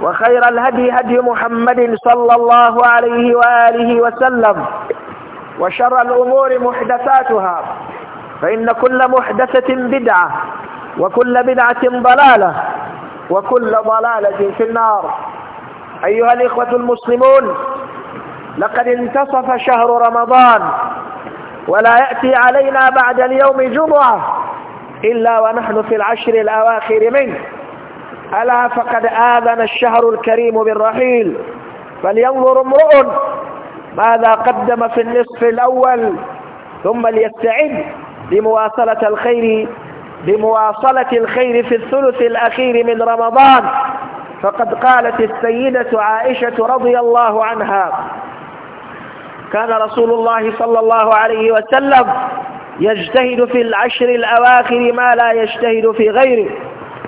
وخير الهدي هدي محمد صلى الله عليه وآله وسلم وشر الأمور محدثاتها فإن كل محدثة بدعة وكل بدعة ضلالة وكل ضلالة في النار أيها الإخوة المسلمون لقد انتصف شهر رمضان ولا يأتي علينا بعد اليوم جمعة إلا ونحن في العشر الأواخر منه ألا فقد آذن الشهر الكريم بالرحيل فلينظر امرؤ ماذا قدم في النصف الأول ثم ليستعد لمواصلة الخير لمواصلة الخير في الثلث الأخير من رمضان فقد قالت السيدة عائشة رضي الله عنها كان رسول الله صلى الله عليه وسلم يجتهد في العشر الأواخر ما لا يجتهد في غيره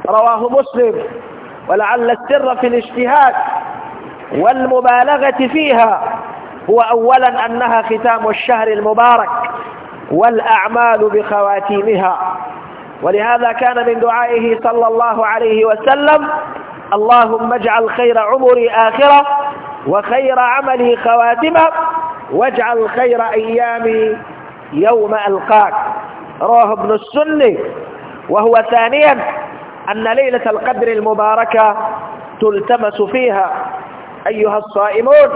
رواه مسلم ولعل السر في الاجتهاد والمبالغة فيها هو أولا أنها ختام الشهر المبارك والأعمال بخواتيمها ولهذا كان من دعائه صلى الله عليه وسلم اللهم اجعل خير عمري آخرة وخير عملي خواتمة واجعل خير أيامي يوم ألقاك رواه ابن السني وهو ثانيا أن ليلة القدر المباركة تلتمس فيها أيها الصائمون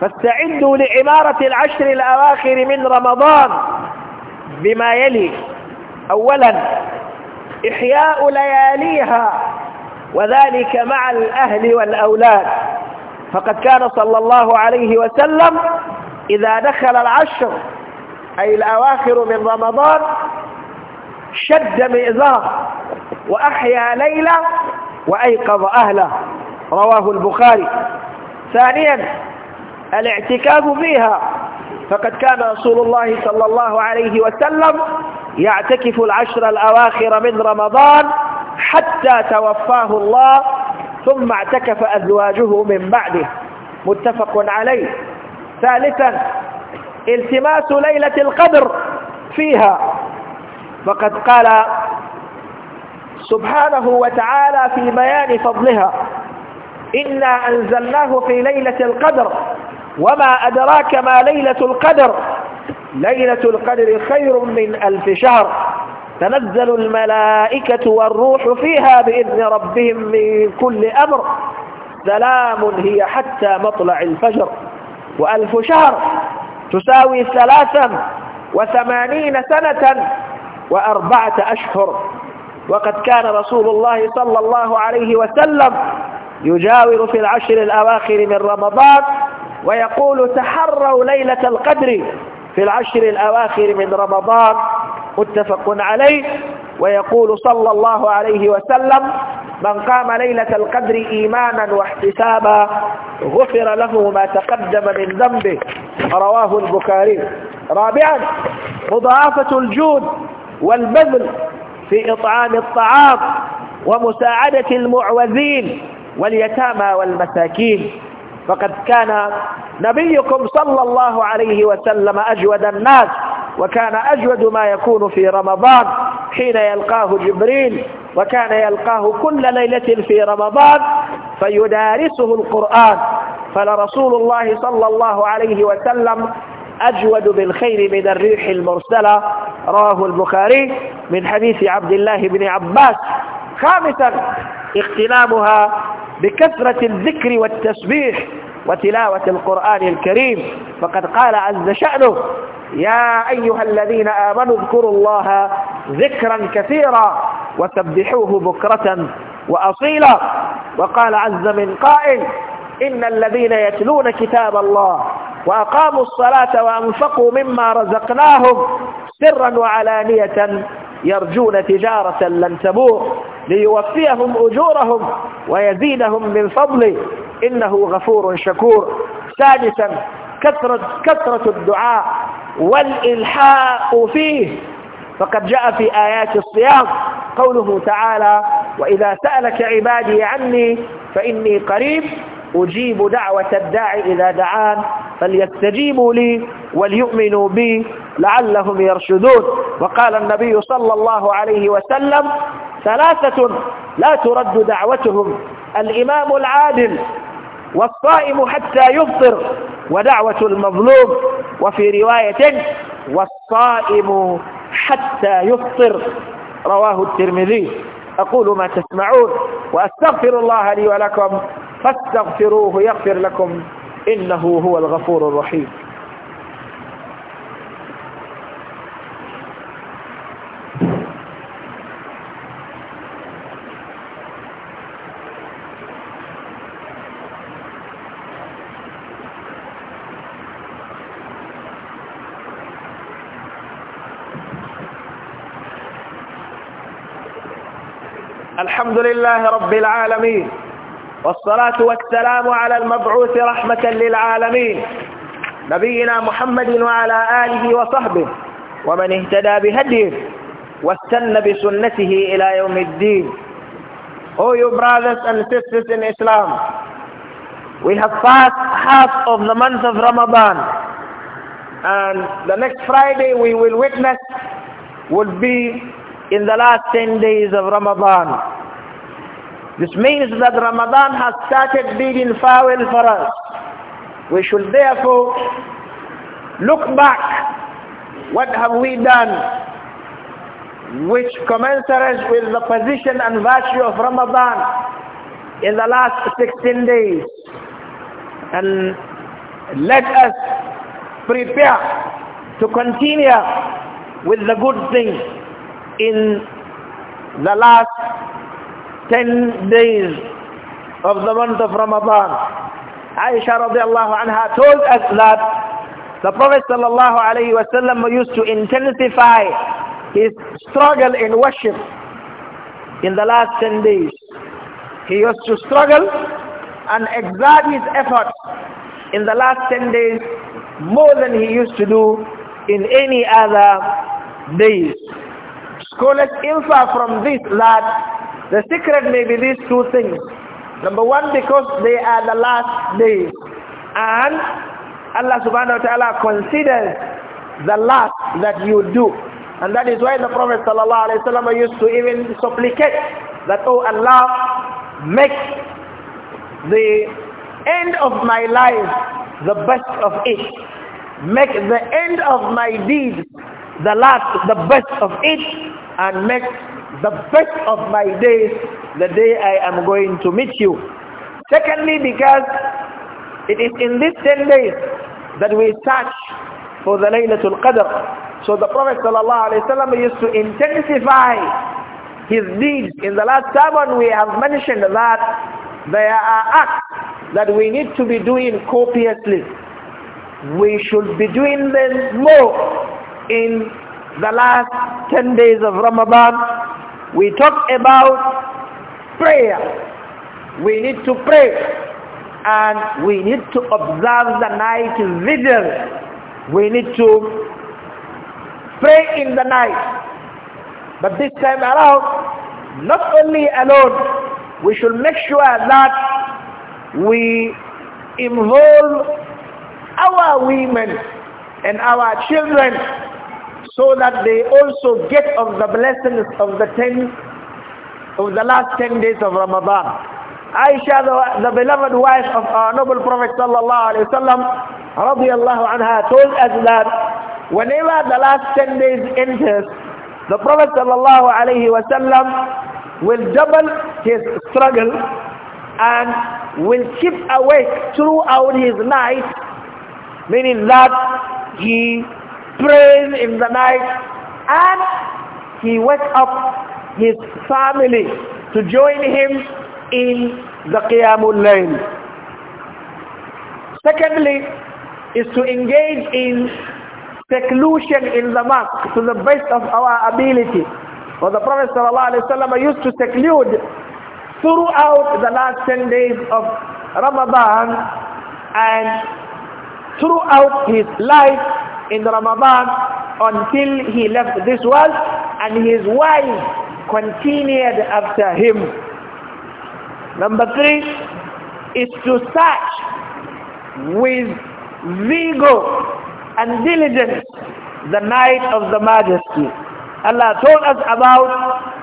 فاستعدوا لعمارة العشر الأواخر من رمضان بما يلي أولا إحياء لياليها وذلك مع الأهل والأولاد فقد كان صلى الله عليه وسلم إذا دخل العشر أي الأواخر من رمضان شد مئزار وأحيا ليلة وأيقظ أهله رواه البخاري ثانيا الاعتكاف فيها فقد كان رسول الله صلى الله عليه وسلم يعتكف العشر الأواخر من رمضان حتى توفاه الله ثم اعتكف أزواجه من بعده متفق عليه ثالثا التماس ليلة القدر فيها فقد قال سبحانه وتعالى في بيان فضلها إنا أنزلناه في ليلة القدر وما أدراك ما ليلة القدر ليلة القدر خير من ألف شهر تنزل الملائكة والروح فيها بإذن ربهم من كل أمر سلام هي حتى مطلع الفجر وألف شهر تساوي ثلاثا وثمانين سنة وأربعة أشهر وقد كان رسول الله صلى الله عليه وسلم يجاور في العشر الأواخر من رمضان ويقول تحروا ليلة القدر في العشر الأواخر من رمضان متفق عليه ويقول صلى الله عليه وسلم من قام ليلة القدر إيمانا واحتسابا غفر له ما تقدم من ذنبه رواه البخاري رابعا مضاعفة الجود والبذل في إطعام الطعام ومساعدة المعوذين واليتامى والمساكين فقد كان نبيكم صلى الله عليه وسلم أجود الناس وكان أجود ما يكون في رمضان حين يلقاه جبريل وكان يلقاه كل ليلة في رمضان فيدارسه القرآن فلرسول الله صلى الله عليه وسلم أجود بالخير من الريح المرسلة رواه البخاري من حديث عبد الله بن عباس خامسا اغتنامها بكثرة الذكر والتسبيح وتلاوة القرآن الكريم فقد قال عز شأنه يا أيها الذين آمنوا اذكروا الله ذكرا كثيرا وسبحوه بكرة وأصيلا وقال عز من قائل إن الذين يتلون كتاب الله وأقاموا الصلاة وأنفقوا مما رزقناهم سرا وعلانية يرجون تجارة لن تبور ليوفيهم أجورهم ويزيدهم من فضله إنه غفور شكور سادسا كثرة, كثرة الدعاء والإلحاء فيه فقد جاء في آيات الصيام قوله تعالى وإذا سألك عبادي عني فإني قريب أجيب دعوة الداعي إذا دعان فليستجيبوا لي وليؤمنوا بي لعلهم يرشدون وقال النبي صلى الله عليه وسلم ثلاثة لا ترد دعوتهم الإمام العادل والصائم حتى يفطر ودعوة المظلوم وفي رواية والصائم حتى يفطر رواه الترمذي أقول ما تسمعون وأستغفر الله لي ولكم فاستغفروه يغفر لكم إنه هو الغفور الرحيم الحمد لله رب العالمين والصلاة والسلام على المبعوث رحمة للعالمين نبينا محمد وعلى آله وصحبه ومن اهتدى بهديه واستنى بسنته إلى يوم الدين Oh you brothers and sisters in Islam We have passed half of the month of Ramadan and the next Friday we will witness would be in the last 10 days of Ramadan This means that Ramadan has started bidding farewell for us. We should therefore look back. What have we done? Which commensurate with the position and virtue of Ramadan in the last 16 days. And let us prepare to continue with the good things in the last 10 days of the month of Ramadan. Aisha radiallahu anha told us that the Prophet sallallahu alayhi wasallam used to intensify his struggle in worship in the last 10 days. He used to struggle and exert his efforts in the last 10 days more than he used to do in any other days. Scholars infer from this that the secret may be these two things. Number one, because they are the last days. And Allah subhanahu wa ta'ala considers the last that you do. And that is why the Prophet sallallahu alayhi wa sallam used to even supplicate that, oh Allah, make the end of my life the best of it. Make the end of my deeds the last, the best of it. And make the best of my days the day I am going to meet you. Secondly, because it is in these 10 days that we search for the Laylatul Qadr. So the Prophet ﷺ used to intensify his deeds. In the last sermon we have mentioned that there are acts that we need to be doing copiously. We should be doing them more in the last 10 days of Ramadan we talk about prayer. We need to pray and we need to observe the night vigil. We need to pray in the night. But this time around, not only alone, we should make sure that we involve our women and our children so that they also get of the blessings of the ten of the last ten days of Ramadan. Aisha, the, the beloved wife of our noble Prophet sallallahu alaihi wasallam, anha, told us that whenever the last ten days enters, the Prophet sallallahu alaihi wasallam will double his struggle and will keep awake throughout his night, meaning that he praying in the night and he wakes up his family to join him in the Qiyamul Layl. Secondly is to engage in seclusion in the mosque to the best of our ability. For the Prophet ﷺ used to seclude throughout the last 10 days of Ramadan and throughout his life in Ramadan until he left this world and his wife continued after him. Number three is to search with vigor and diligence the night of the majesty. Allah told us about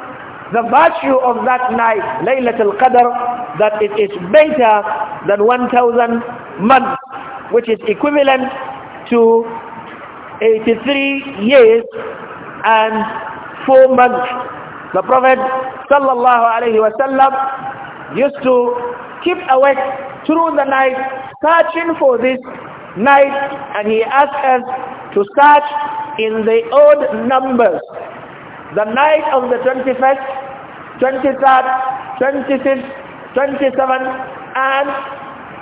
the virtue of that night, Laylatul Qadr, that it is better than 1,000 months, which is equivalent to 83 years and 4 months. The Prophet sallallahu alaihi wasallam used to keep awake through the night searching for this night and he asked us to search in the odd numbers. The night of the 21st, 23rd, 26th, 27th and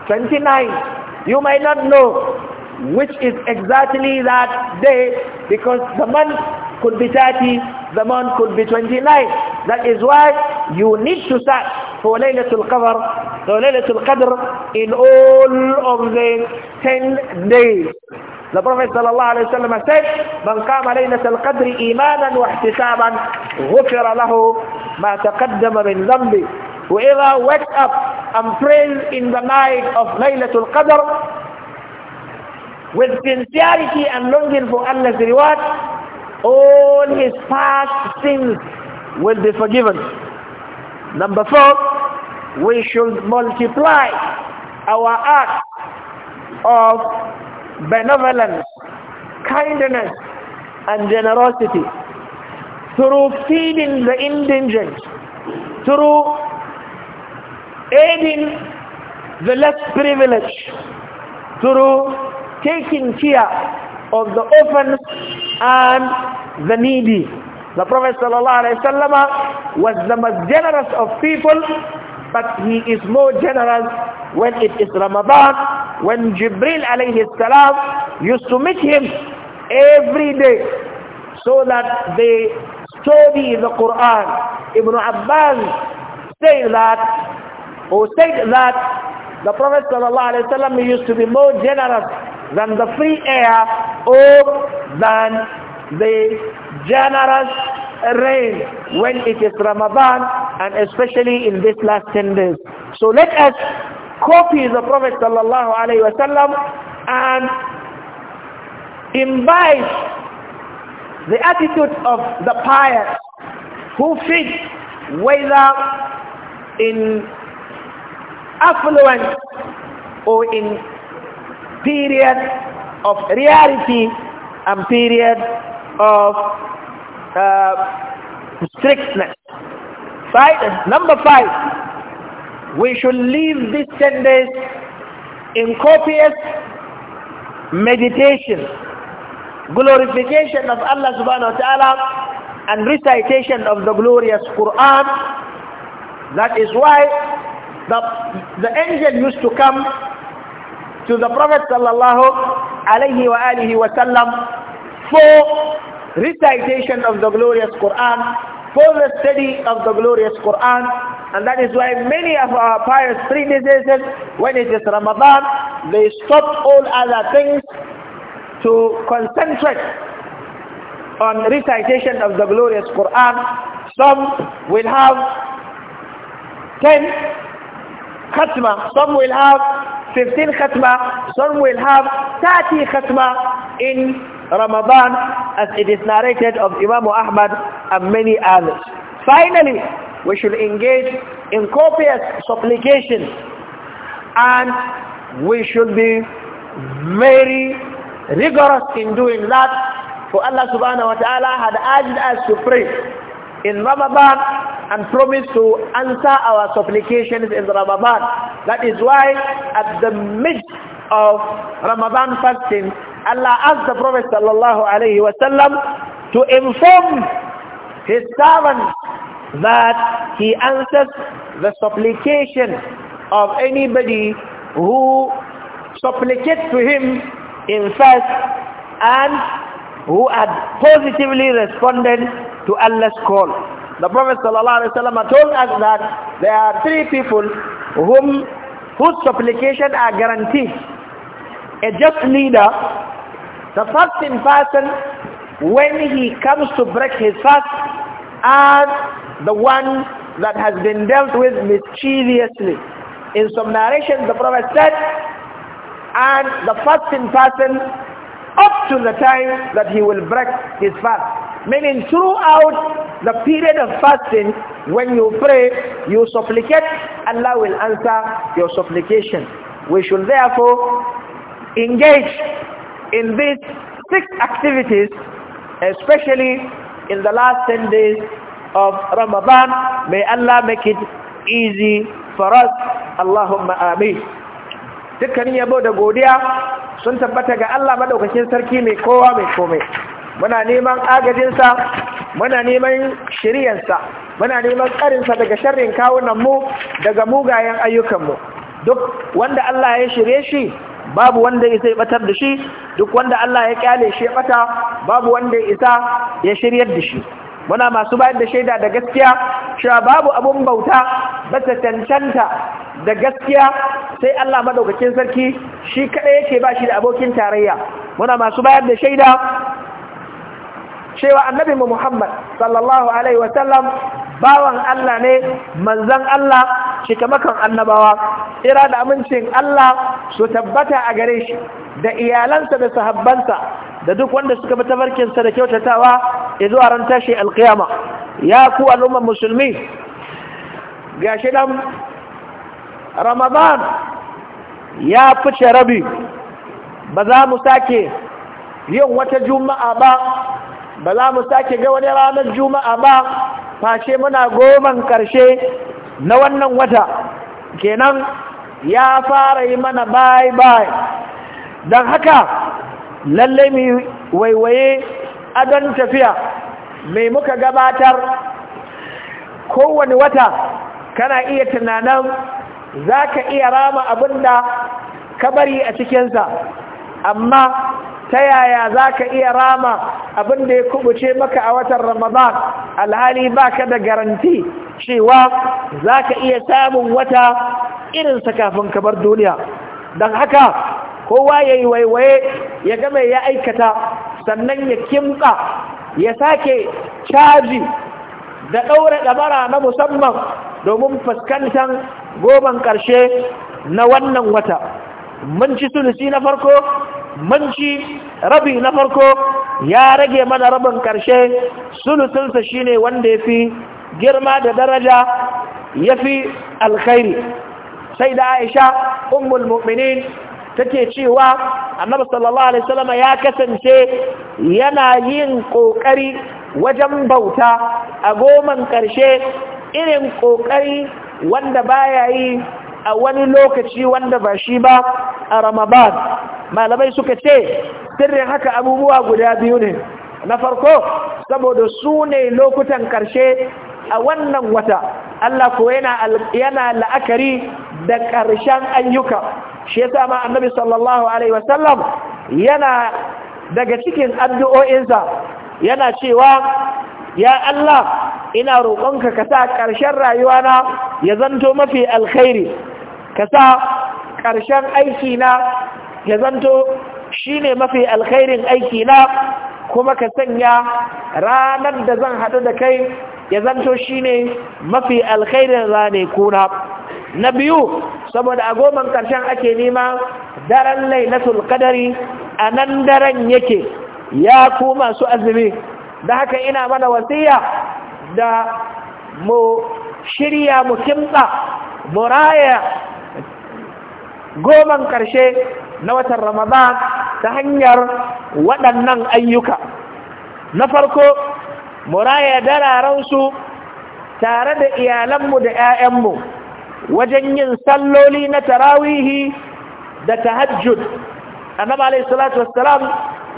29th. You might not know which is exactly that day because the month could be 30, the month could be 29. That is why you need to search for Laylatul Qadr, for Laylatul Qadr in all of the 10 days. The Prophet sallallahu said, من قام ليلة القدر إيمانا واحتسابا غفر له ما تقدم من ذنبه Whoever wakes up and prays in the night of Laylatul Qadr, with sincerity and longing for Allah's reward, all his past sins will be forgiven. Number four, we should multiply our acts of benevolence, kindness, and generosity through feeding the indigent, through aiding the less privileged, through taking care of the orphans and the needy. The Prophet ﷺ was the most generous of people, but he is more generous when it is Ramadan, when Jibril alayhi salam used to meet him every day so that they study the Quran. Ibn Abbas said that, or said that the Prophet ﷺ used to be more generous than the free air or than the generous rain when it is Ramadan and especially in this last 10 days. So let us copy the Prophet sallallahu alaihi wasallam and imbibe the attitude of the pious who feed whether in affluence or in period of reality and period of uh, strictness. Five, number five, we should leave these 10 days in copious meditation, glorification of Allah subhanahu wa ta'ala and recitation of the glorious Quran. That is why the, the angel used to come to the Prophet sallallahu alaihi wa alihi wasallam for recitation of the glorious Quran, for the study of the glorious Quran, and that is why many of our pious predecessors, when it is Ramadan, they stop all other things to concentrate on recitation of the glorious Quran. Some will have 10 khatma. Some will have 15 khatma. Some will have 30 khatma in Ramadan as it is narrated of Imam Ahmad and many others. Finally, we should engage in copious supplication and we should be very rigorous in doing that for Allah subhanahu wa ta'ala had urged us to pray in Ramadan and promise to answer our supplications in Ramadan. That is why at the midst of Ramadan fasting, Allah asked the Prophet sallallahu alaihi wasallam to inform his servants that he answers the supplication of anybody who supplicates to him in fast and who had positively responded to Allah's call. The Prophet ﷺ told us that there are three people whom whose supplication are guaranteed. A just leader, the first in person when he comes to break his fast and the one that has been dealt with mischievously. In some narrations the Prophet said, and the first in person up to the time that he will break his fast. Meaning throughout the period of fasting, when you pray, you supplicate, Allah will answer your supplication. We should therefore engage in these six activities, especially in the last 10 days of Ramadan. May Allah make it easy for us. Allahumma ameen. Dukkanin yabo da godiya sun tabbata ga Allah madaukakin sarki mai kowa mai komai muna neman agajinsa muna neman shiryansa muna neman karinsa daga sharrin kawunan mu, daga mugayen ayyukanmu duk wanda Allah ya shirye shi babu wanda ya sai batar da shi duk wanda Allah ya kyale shi ya bata babu wanda ya isa ya shiryar da shi muna masu bayar da shaida da gaskiya cewa babu abun bauta ba ta cancanta da gaskiya sai Allah madaukakin sarki shi kadai yake ba shi da abokin tarayya muna masu bayar da shaida cewa annabi mu Muhammad sallallahu alaihi wa sallam bawan Allah ne manzon Allah shikamakan annabawa ira da amincin Allah su tabbata a gare shi da iyalansa da sahabbansa da duk wanda suka bi tafarkinsa da kyautatawa ya zuwa ran tashi alkiyama ya ku al'ummar musulmi gashi nan ramadan ya fice rabi ba za mu sake yin wata juma'a ba ba za mu sake ga wani ranar juma'a ba fashe muna goman karshe na wannan wata kenan ya fara yi mana bye bye don haka lallai mu waiwaye adon tafiya mai muka gabatar kowane wata kana iya tunanan za ka iya rama abin da ka bari a cikinsa amma ta yaya za ka iya rama abin da ya kubuce maka a watan ramadan alhali ba ka da garanti cewa za ka iya samun wata irinsa kafin ka bar duniya don haka kowa ya yi waiwaye ya ga mai ya aikata sannan ya kimka ya sake caji da ɗaure ɗabara na musamman domin fuskantar goban ƙarshe na wannan wata mun ci sulusi na farko mun ci rabi na farko ya rage mana rabin ƙarshe sulusinsa shine wanda ya fi girma da daraja ya fi alkhairi sai da aisha ummul mu'minin take cewa annabi sallallahu alaihi wasallam ya kasance yana yin kokari wajen bauta a goman karshe irin kokari wanda baya yi a wani lokaci wanda ba shi ba a ramadan malamai suka ce sirrin haka abubuwa guda biyu ne na farko saboda su ne lokutan karshe a wannan wata Allah ko yana la'akari da ƙarshen ayyuka shi yasa ma annabi sallallahu alaihi wasallam yana daga cikin addu'o'insa yana cewa ya Allah ina roƙonka ka sa ƙarshen rayuwana ya zanto mafi alkhairi ka sa ƙarshen aikina ya zanto shine mafi alkhairin aikina kuma ka sanya ranar da zan haɗu da kai ya zanto shine mafi alkhairin zane kuna na biyu saboda a goman karshen ake nema daren na sulƙadari. a nan daren yake ya ku masu azumi da haka ina mana wasiya da mu shirya mu kimtsa mu raya goman karshe na watan ramadan ta hanyar waɗannan ayyuka na farko muraya su tare da iyalanmu da 'ya'yanmu wajen yin salloli na tarawihi da tahajjud annabi alayhi salatu wassalam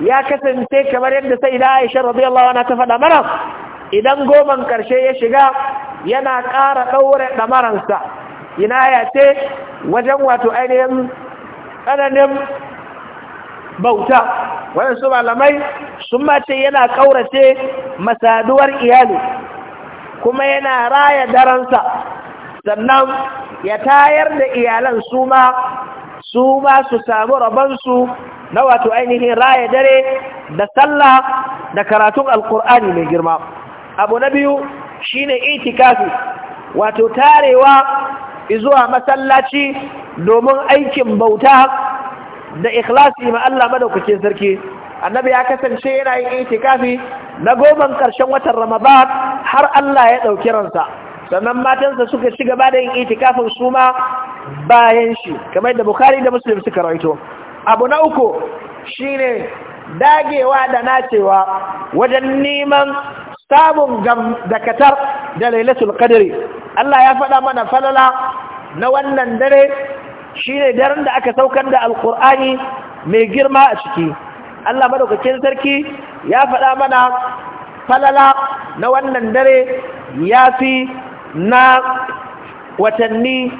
ya kasance kamar yadda sai da Aisha radiyallahu anha ta faɗa mana idan goman karshe ya shiga yana ƙara ɗaure ɗamaransa ina ya ce wajen wato ainihin tsananin bauta waɗansu malamai sun mace yana ƙaurace masaduwar iyali kuma yana raya daransa sannan ya tayar da iyalan su ma su ma su samu rabansu na wato ainihin raya dare da sallah da karatun alkur'ani mai girma abu na biyu shine itikafi wato tarewa izuwa masallaci domin aikin bauta da ikhlasi ma Allah madaukakin sarki annabi ya kasance yana yin itikafi na goman karshen watan ramadan har Allah ya dauki ransa sannan matansa suka ci gaba da yin itikafin su ma bayan shi kamar da bukhari da muslim suka rawaito abu na uku shine dagewa da nacewa wajen neman samun gam da katar da lailatul qadri Allah ya faɗa mana falala na wannan dare shine daren da aka saukar da alkur'ani mai girma a ciki Allah madaukakin sarki ya faɗa mana falala na wannan dare ya fi na watanni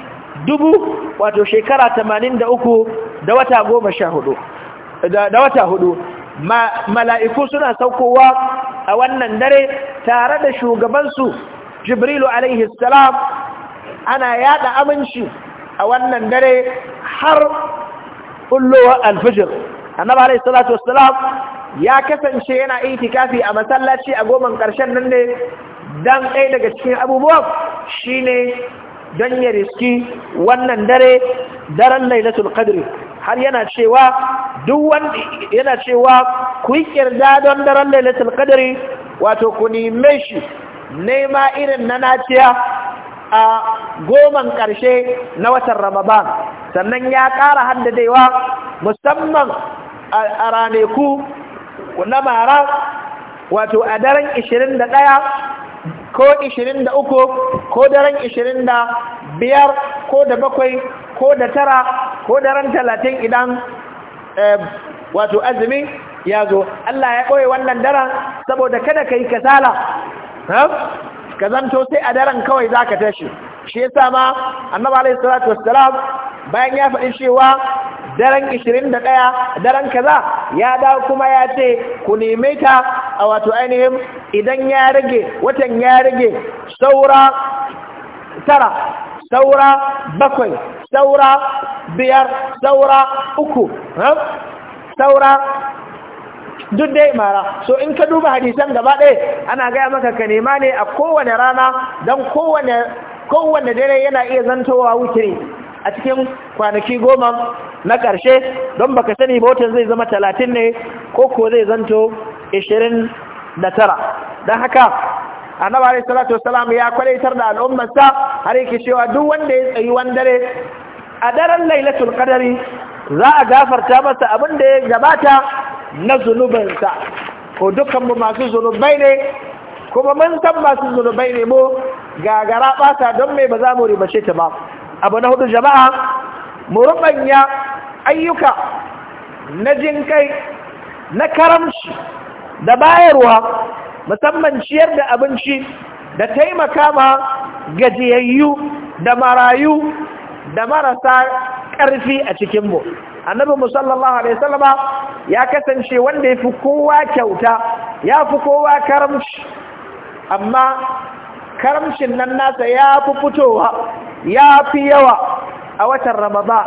dubu wato shekara tamanin da uku da wata hudu da wata mala'iku suna saukowa a wannan dare tare da shugabansu jibrilu alaihi salam ana yada aminci a wannan dare har kullowa alfijir annabi alaihi salatu wassalam ya kasance yana itikafi a masallaci a goman ƙarshen nan ne dan ɗaya daga cikin abubuwan shine dan ya riski wannan dare daren lailatul qadri har yana cewa duk wanda yana cewa ku kirda don daren lailatul qadri wato ku nime shi nema irin na naciya a goman ƙarshe na watan Ramadan sannan ya ƙara haddadewa musamman a raneku na mara wato a daren 21 ko 23 ko daren 25 ko da bakwai ko da tara ko daren talatin idan eh, wato azumi ya zo Allah ya ɓoye wannan daren saboda kada ka yi kasala ka zanto sai a daren kawai za ka tashi shi yasa ma annaba alaihi salatu wassalam bayan ya faɗi cewa daren 21 daren kaza ya dawo kuma ya ce ku neme ta a wato ainihin idan ya rage watan ya rage saura tara saura bakwai saura biyar saura uku saura duk dai mara so in ka duba hadisan gaba ɗaya ana gaya maka ka nema ne a kowane rana don kowane dare yana iya zantowa wutiri a cikin kwanaki goma na ƙarshe don baka sani watan zai zama talatin ne ko ko zai zanto ishirin da tara don haka annaba alaihi salatu wasalam ya kwalitar da al'ummarsa har yake cewa duk wanda ya tsayi wani dare a daren lailatul qadari za a gafarta masa abin da ya gabata na zunubinsa ko dukkanmu masu zunubai ne kuma mun san masu zunubai ne mu gagara bata don mai ba za mu ribace ta ba abu na hudu jama'a mu rubanya ayyuka na kai na karamci da bayarwa musamman ciyar da abinci da taimaka ma gajiyayyu da marayu da marasa ƙarfi a cikinmu annabi mu sallallahu alaihi wasallama ya kasance wanda yafi kowa kyauta yafi kowa karamci amma karamcin nan nasa ya fi fitowa ya fi yawa a watan ramadan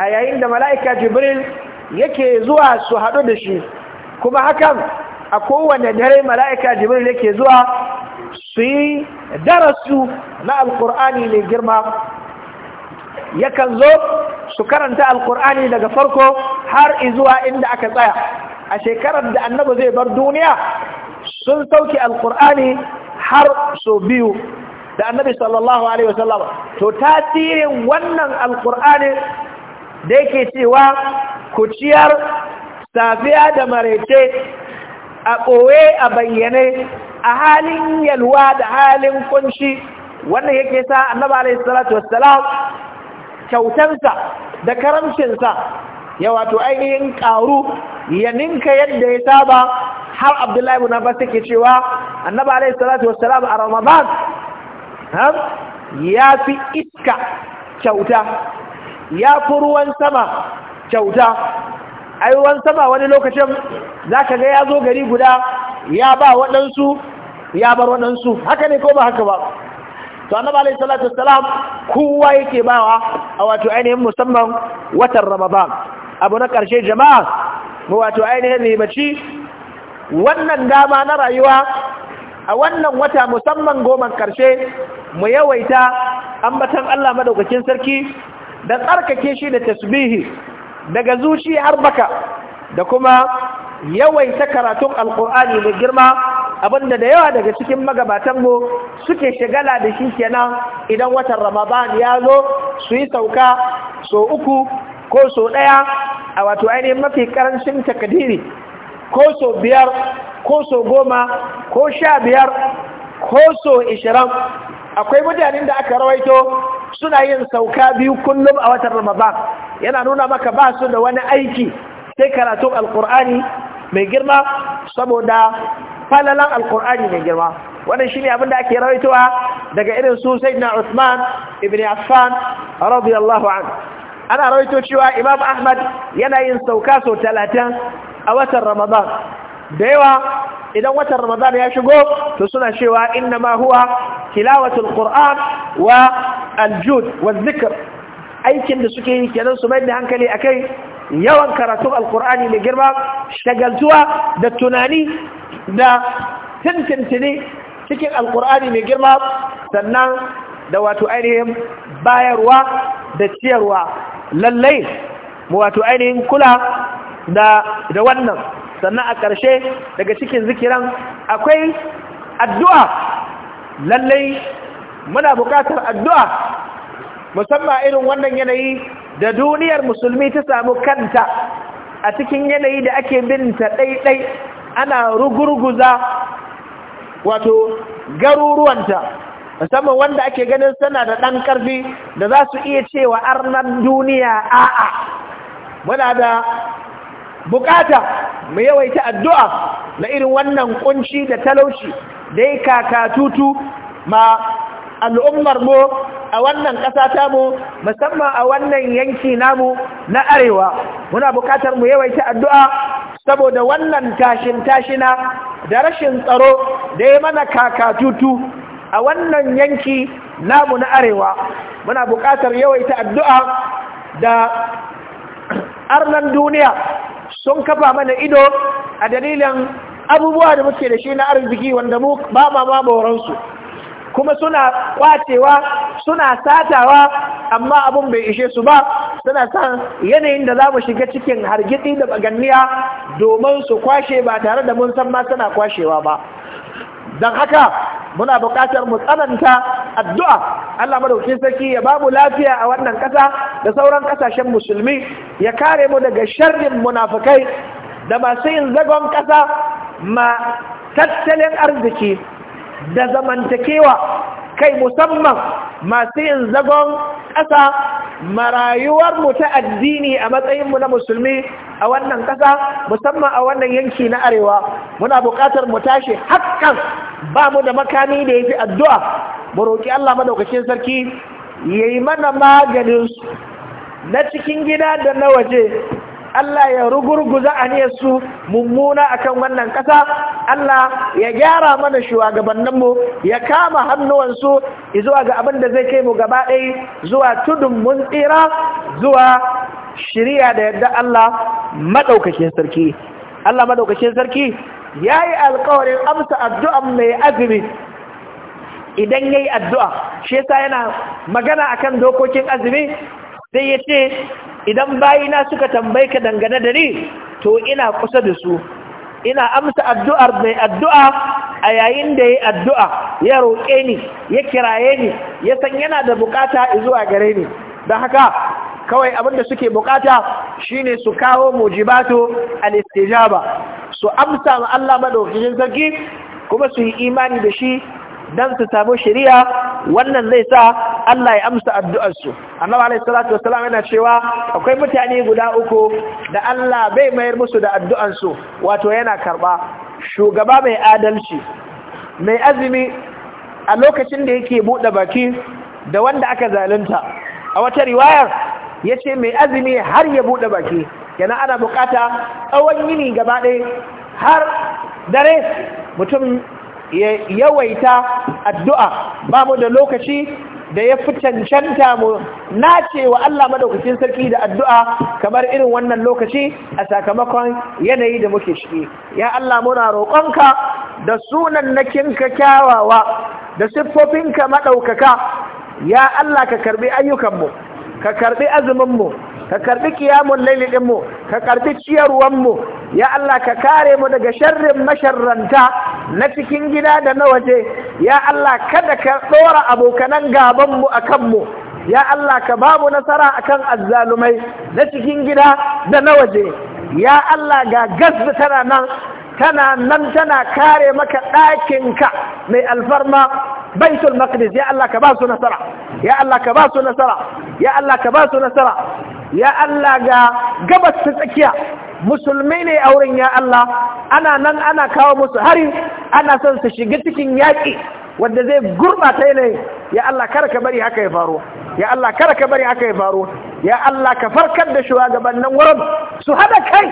a yayin da mala'ika jibril yake zuwa su haɗu da shi kuma hakan a kowane dare mala'ika jibril yake zuwa su yi darasu na alkur'ani mai girma yakan zo su karanta alkur'ani daga farko har izuwa inda aka tsaya a shekarar da annabi zai bar duniya sun sauke alkur'ani har so biyu da annabi sallallahu alaihi wasallam to tasirin wannan alkur'ani da yake cewa ku ciyar safiya da maraice a ɓoye a bayyane a halin yalwa da halin kunshi wannan yake sa annabi alaihi salatu wassalam kyautansa da karamcinsa ya wato ainihin ƙaru ya ninka yadda ya saba har abdullahi ibn abbas take cewa annabi alaihi salatu wassalam a ramadan ya fi iska kyauta ya fi ruwan sama kyauta ai ruwan sama wani lokacin zaka ga ya zo gari guda ya ba waɗansu ya bar waɗansu haka ne ko ba haka ba to annabi alayhi salatu wassalam kowa yake bawa a wato ainihin musamman watan ramadan abu na karshe jama'a mu wato ainihin ribaci wannan dama na rayuwa a wannan wata musamman goman karshe mu yawaita ambatan Allah madaukakin sarki da tsarkake shi da tasbihi daga zuciya har baka da kuma yawaita karatun alkur'ani mai girma abinda da yawa daga cikin magabatanmu suke shigala da shi kenan idan watan ramadan ya zo su yi sauka so uku ko so ɗaya a wato ainihin mafi karancin takadiri ko so biyar ko so goma ko sha biyar ko so ishirin akwai mutanen da aka rawaito suna yin sauka biyu kullum a watan ramadan yana nuna maka ba su da wani aiki sai karatun alkur'ani mai girma saboda falalan alkur'ani mai girma wannan shine abin da ake rawaitowa daga irin su sayyidina Uthman ibn Affan radiyallahu anhu ana rawaito cewa Imam Ahmad yana yin sauka sau talatin a watan Ramadan da yawa idan watan Ramadan ya shigo to suna cewa inna ma huwa tilawatul Qur'an wa aljud wa aikin da suke yi kenan su mai da hankali akai yawan karatun alkur'ani mai girma shagaltuwa da tunani da tantantane cikin alkur'ani mai girma sannan da wato ainihin bayarwa da ciyarwa lallai mu wato ainihin kula da wannan sannan a ƙarshe daga cikin zikiran akwai addu'a lallai muna buƙatar addu'a musamman irin wannan yanayi da duniyar musulmi ta samu kanta a cikin yanayi da ake binta ɗaiɗai ana rugurguza wato garuruwanta musamman wanda ake ganin sana da ɗan ƙarfi da za su iya cewa arnan duniya a'a muna da bukata mu yawaita addu'a na irin wannan kunci da talauci da ya kakatutu ma al'ummar mu a wannan ƙasa mu, musamman a wannan yanki namu na arewa muna bukatar mu yawaita addu'a saboda wannan tashin tashina da rashin tsaro da ya mana kakatutu a wannan yanki namu na arewa muna buƙatar yawaita addu'a da arnan duniya sun kafa mana ido a dalilin abubuwa da muke da shi na arziki wanda mu ba ma ma boransu kuma suna kwacewa suna satawa amma abun bai ishe su ba suna san yanayin da za mu shiga cikin hargitsi da baganniya domin su kwashe ba tare da mun san ma suna kwashewa ba don haka muna buƙatar mu tsananta addu'a Allah madaukakin sarki ya ba mu lafiya a wannan ƙasa da sauran ƙasashen musulmi ya kare mu daga sharrin munafukai da masu yin zagon ƙasa ma tattalin arziki da zamantakewa kai musamman masu yin zagon ƙasa marayuwar mu ta addini a matsayinmu na musulmi a wannan ƙasa musamman a wannan yanki na arewa muna buƙatar mu tashi hakan ba mu da makami da ya fi addu'a mu roƙi Allah maɗaukacin sarki ya yi mana maganinsu na cikin gida da na waje Allah ya rugurguza su mummuna akan wannan ƙasa Allah ya gyara mana shugabanninmu ya kama hannuwansu zuwa ga abin da zai kai mu gaba ɗaya zuwa tudun mun tsira zuwa shirya da yadda Allah maɗaukakin sarki Allah sarki ya yi alkawarin amsa addu'a mai azumi idan ya yi addu'a shi yasa yana magana akan dokokin azumi sai ya ce idan bayina suka tambaye ka dangane da ni to ina kusa da su ina amsa addu'ar mai addu'a a yayin da ya addu'a ya roƙe ni ya kiraye ni ya san yana da bukata zuwa gare ni don haka kawai abin da suke bukata shine su kawo mujibatu al-istijaba su amsa ma Allah madaukakin sarki kuma su yi imani da shi dan su samu shari'a wannan zai sa Allah ya amsa addu'arsu annabi alaihi salatu yana cewa akwai mutane guda uku da Allah bai mayar musu da addu'ansu wato yana karba shugaba mai adalci mai azumi a lokacin da yake buɗe baki da wanda aka zalunta a wata riwayar ya ce mai azumi har ya buɗe baki yana ana bukata tsawon yini gaba ɗaya har dare mutum ya yawaita addu'a ba mu da lokaci da ya fi cancanta mu na wa Allah madaukakin sarki da addu'a kamar irin wannan lokaci a sakamakon yanayi da muke ciki ya Allah muna roƙonka da sunan nakinka kyawawa da siffofinka maɗaukaka ya Allah ka karbi ayyukanmu ka karbi azuminmu ka karbi kiyamun laili ɗinmu mu ka karbi ciyarwan mu ya Allah ka kare mu daga sharrin masharranta na cikin gida da na waje ya Allah kada ka dora abokanan gaban mu akan mu ya Allah ka babu nasara akan azzalumai na cikin gida da na waje ya Allah ga gazbi tana nan tana nan tana kare maka ɗakinka mai alfarma baitul maqdis ya Allah ka ba su nasara ya Allah ka ba su nasara ya Allah ka ba su nasara ya Allah ga gabas ta tsakiya musulmi ne a wurin ya Allah ana nan ana kawo musu hari ana son su shiga cikin yaƙi wanda zai gurɓata yanayi ya Allah karka bari haka ya faru ya Allah karka ka bari haka ya faru ya Allah ka farkar da shugabannin wurin su hada kai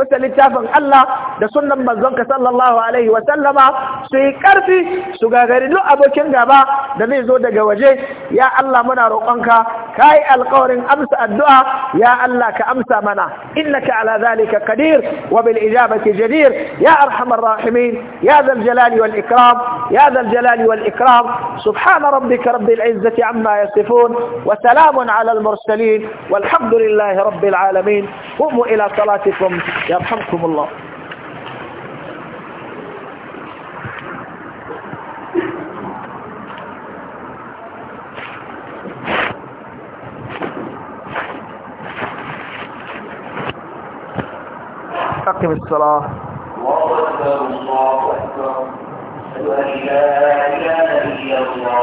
bisa littafin Allah da sunnan manzonka sallallahu alaihi wa sallama su yi ƙarfi su gagari duk abokin gaba da zai zo daga waje ya Allah muna roƙonka كاي القورن أمس الدعاء يا الله كأمس منا إنك على ذلك قدير وبالإجابة جدير يا أرحم الراحمين يا ذا الجلال والإكرام يا ذا الجلال والإكرام سبحان ربك رب العزة عما يصفون وسلام على المرسلين والحمد لله رب العالمين قوموا إلى صلاتكم يرحمكم الله أقم الصلاة الله أكبر الله أكبر أشهد أن لا إله إلا الله